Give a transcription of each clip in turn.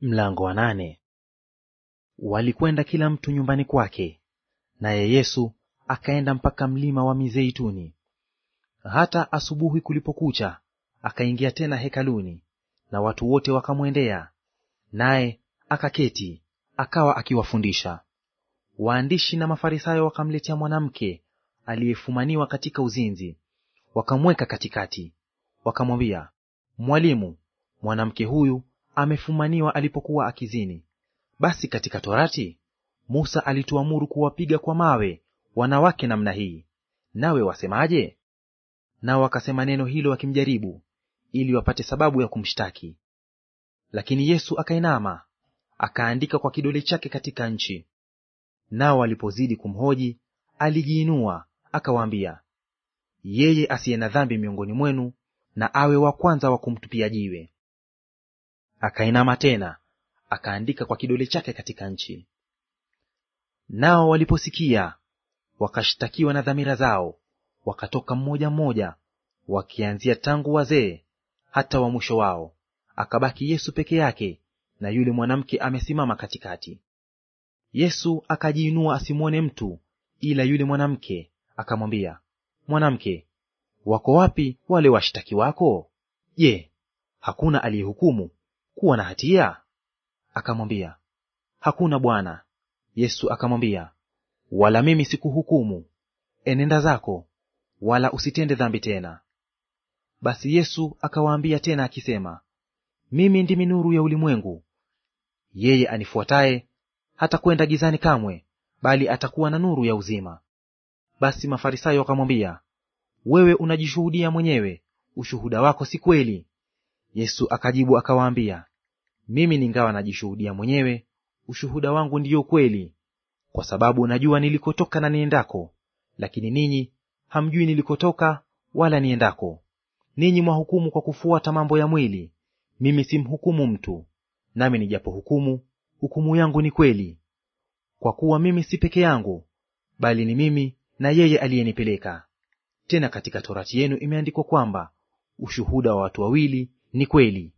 Mlango wa nane. Walikwenda kila mtu nyumbani kwake, naye Yesu akaenda mpaka mlima wa Mizeituni. Hata asubuhi kulipokucha, akaingia tena hekaluni, na watu wote wakamwendea, naye akaketi, akawa akiwafundisha. Waandishi na Mafarisayo wakamletea mwanamke aliyefumaniwa katika uzinzi, wakamweka katikati, wakamwambia, Mwalimu, mwanamke huyu amefumaniwa alipokuwa akizini. Basi katika Torati Musa alituamuru kuwapiga kwa mawe wanawake namna hii, nawe wasemaje? Nao wakasema neno hilo wakimjaribu, ili wapate sababu ya kumshtaki. Lakini Yesu akainama akaandika kwa kidole chake katika nchi. Nao walipozidi kumhoji, alijiinua akawaambia, yeye asiye na dhambi miongoni mwenu na awe wa kwanza wa kumtupia jiwe. Akainama tena akaandika kwa kidole chake katika nchi. Nao waliposikia wakashtakiwa na dhamira zao, wakatoka mmoja mmoja, wakianzia tangu wazee hata wa mwisho wao. Akabaki Yesu peke yake, na yule mwanamke amesimama katikati. Yesu akajiinua asimwone mtu, ila yule mwanamke akamwambia, Mwanamke, wako wapi wale washtaki wako? Je, hakuna aliyehukumu kuwa na hatia? Akamwambia, hakuna Bwana. Yesu akamwambia, wala mimi sikuhukumu, enenda zako, wala usitende dhambi tena. Basi Yesu akawaambia tena akisema, mimi ndimi nuru ya ulimwengu. Yeye anifuataye hatakwenda gizani kamwe, bali atakuwa na nuru ya uzima. Basi Mafarisayo wakamwambia, wewe unajishuhudia mwenyewe, ushuhuda wako si kweli. Yesu akajibu akawaambia, mimi ningawa najishuhudia mwenyewe, ushuhuda wangu ndiyo kweli, kwa sababu najua nilikotoka na niendako, lakini ninyi hamjui nilikotoka wala niendako. Ninyi mwahukumu kwa kufuata mambo ya mwili, mimi simhukumu mtu. Nami nijapohukumu, hukumu yangu ni kweli, kwa kuwa mimi si peke yangu, bali ni mimi na yeye aliyenipeleka. Tena katika torati yenu imeandikwa kwamba ushuhuda wa watu wawili ni kweli.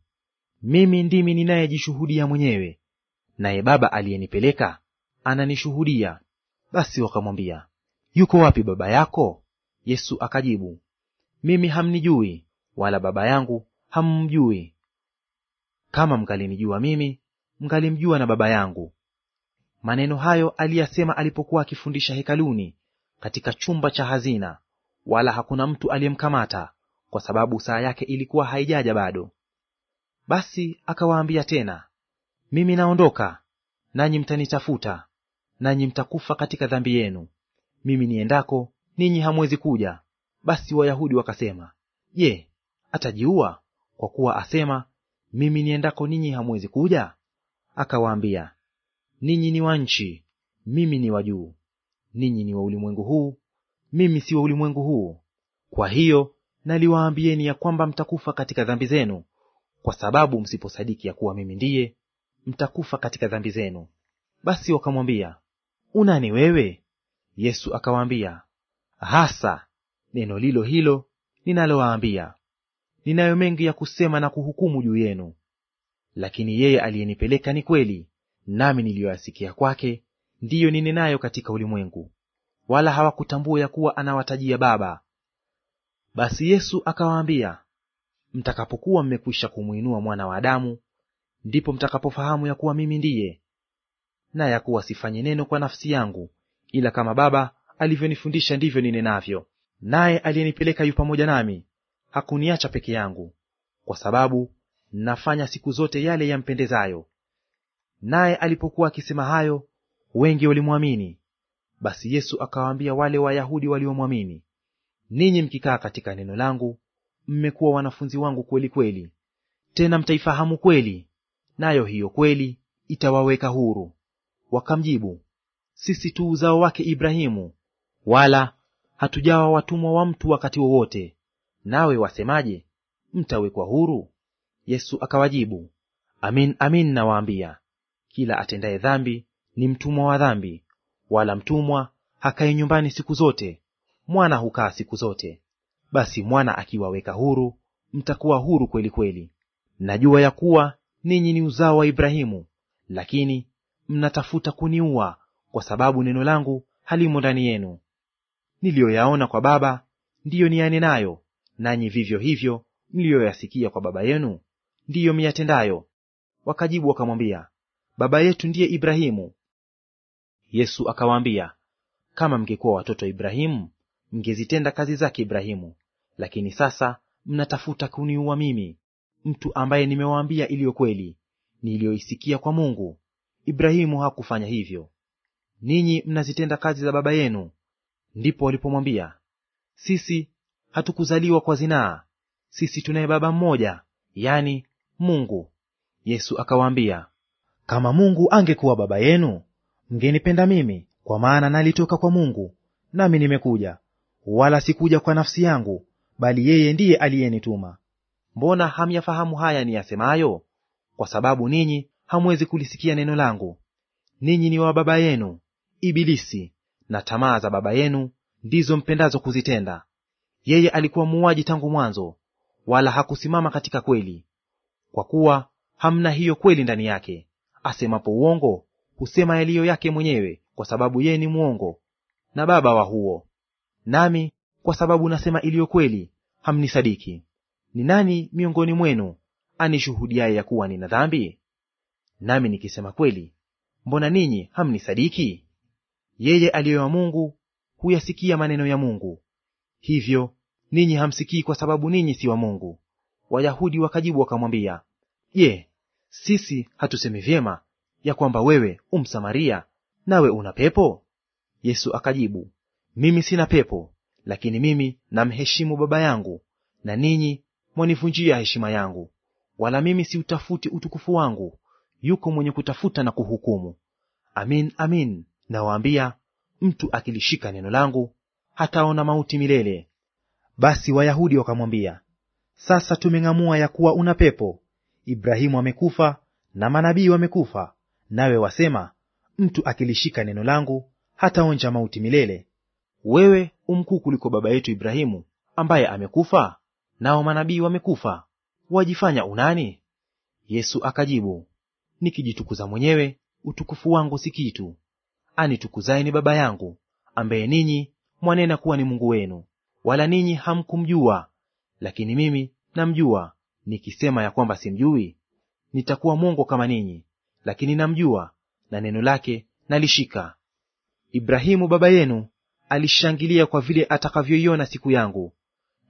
Mimi ndimi ninayejishuhudia mwenyewe, naye Baba aliyenipeleka ananishuhudia. Basi wakamwambia, yuko wapi baba yako? Yesu akajibu, mimi hamnijui, wala Baba yangu hammjui. Kama mngalinijua mimi, mngalimjua na Baba yangu. Maneno hayo aliyasema alipokuwa akifundisha hekaluni katika chumba cha hazina, wala hakuna mtu aliyemkamata, kwa sababu saa yake ilikuwa haijaja bado. Basi akawaambia tena, mimi naondoka, nanyi mtanitafuta, nanyi mtakufa katika dhambi yenu. Mimi niendako, ninyi hamwezi kuja. Basi Wayahudi wakasema, Je, atajiua kwa kuwa asema, mimi niendako ninyi hamwezi kuja? Akawaambia, ninyi ni wa nchi, mimi ni wa juu. Ninyi ni wa ulimwengu huu, mimi si wa ulimwengu huu. Kwa hiyo naliwaambieni ya kwamba mtakufa katika dhambi zenu, kwa sababu msiposadiki ya kuwa mimi ndiye, mtakufa katika dhambi zenu. Basi wakamwambia, unani wewe? Yesu akawaambia, hasa neno lilo hilo ninalowaambia. Ninayo mengi ya kusema na kuhukumu juu yenu, lakini yeye aliyenipeleka ni kweli, nami niliyoyasikia kwake ndiyo ninenayo katika ulimwengu. Wala hawakutambua ya kuwa anawatajia Baba. Basi Yesu akawaambia, mtakapokuwa mmekwisha kumwinua mwana wa Adamu, ndipo mtakapofahamu ya kuwa mimi ndiye, na ya kuwa sifanye neno kwa nafsi yangu, ila kama Baba alivyonifundisha ndivyo ninenavyo. Naye aliyenipeleka yu pamoja nami, hakuniacha peke yangu, kwa sababu nafanya siku zote yale yampendezayo. Naye alipokuwa akisema hayo, wengi walimwamini. Basi Yesu akawaambia wale Wayahudi waliomwamini, ninyi mkikaa katika neno langu, mmekuwa wanafunzi wangu kweli kweli, tena mtaifahamu kweli, nayo hiyo kweli itawaweka huru. Wakamjibu, sisi tu uzao wake Ibrahimu, wala hatujawa watumwa wa mtu wakati wowote. Nawe wasemaje, mtawekwa huru? Yesu akawajibu, amin amin nawaambia, kila atendaye dhambi ni mtumwa wa dhambi. Wala mtumwa hakae nyumbani siku zote, mwana hukaa siku zote basi mwana akiwaweka huru, mtakuwa huru kweli kweli. Najua ya kuwa ninyi ni uzao wa Ibrahimu, lakini mnatafuta kuniua, kwa sababu neno langu halimo ndani yenu. Niliyoyaona kwa Baba ndiyo niyanenayo, nanyi vivyo hivyo mliyoyasikia kwa baba yenu ndiyo miyatendayo. Wakajibu wakamwambia, baba yetu ndiye Ibrahimu. Yesu akawaambia, kama mngekuwa watoto wa Ibrahimu, mngezitenda kazi zake Ibrahimu. Lakini sasa mnatafuta kuniua mimi, mtu ambaye nimewaambia iliyo kweli niliyoisikia kwa Mungu. Ibrahimu hakufanya hivyo. Ninyi mnazitenda kazi za baba yenu. Ndipo walipomwambia, sisi hatukuzaliwa kwa zinaa, sisi tunaye baba mmoja, yani Mungu. Yesu akawaambia, kama Mungu angekuwa baba yenu, mngenipenda mimi, kwa maana nalitoka kwa Mungu, nami nimekuja; wala sikuja kwa nafsi yangu, bali yeye ndiye aliyenituma. Mbona hamyafahamu haya niyasemayo? Kwa sababu ninyi hamwezi kulisikia neno langu. Ninyi ni wa baba yenu Ibilisi, na tamaa za baba yenu ndizo mpendazo kuzitenda. Yeye alikuwa muuaji tangu mwanzo, wala hakusimama katika kweli, kwa kuwa hamna hiyo kweli ndani yake. Asemapo uongo husema yaliyo yake mwenyewe, kwa sababu yeye ni mwongo na baba wa huo. Nami kwa sababu nasema iliyo kweli, hamnisadiki. Ni nani miongoni mwenu anishuhudiaye ya kuwa nina dhambi? Nami nikisema kweli, mbona ninyi hamnisadiki? Yeye aliye wa Mungu huyasikia maneno ya Mungu. Hivyo ninyi hamsikii kwa sababu ninyi si wa Mungu. Wayahudi wakajibu wakamwambia, Je, sisi hatusemi vyema ya kwamba wewe umsamaria nawe una pepo? Yesu akajibu, mimi sina pepo, lakini mimi namheshimu Baba yangu, na ninyi mwanivunjia heshima yangu. Wala mimi siutafuti utukufu wangu, yuko mwenye kutafuta na kuhukumu. Amin, amin, nawaambia, mtu akilishika neno langu hataona mauti milele. Basi Wayahudi wakamwambia, sasa tumeng'amua ya kuwa una pepo. Ibrahimu amekufa na manabii wamekufa, nawe wasema mtu akilishika neno langu hataonja mauti milele. Wewe mkuu kuliko baba yetu Ibrahimu ambaye amekufa, nao manabii wamekufa, wajifanya unani? Yesu akajibu, nikijitukuza mwenyewe, utukufu wangu si kitu. Anitukuzaye ni Baba yangu ambaye ninyi mwanena kuwa ni Mungu wenu, wala ninyi hamkumjua, lakini mimi namjua. Nikisema ya kwamba simjui, nitakuwa mwongo kama ninyi, lakini namjua, na neno lake nalishika. Ibrahimu baba yenu alishangilia kwa vile atakavyoiona siku yangu,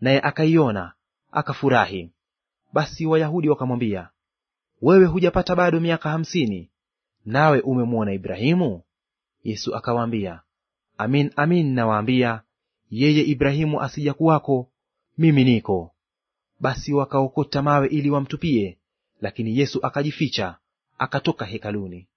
naye akaiona akafurahi. Basi Wayahudi wakamwambia, wewe hujapata bado miaka hamsini, nawe umemwona Ibrahimu? Yesu akawaambia, amin amin nawaambia, yeye Ibrahimu asija kuwako, mimi niko. Basi wakaokota mawe ili wamtupie, lakini Yesu akajificha akatoka hekaluni.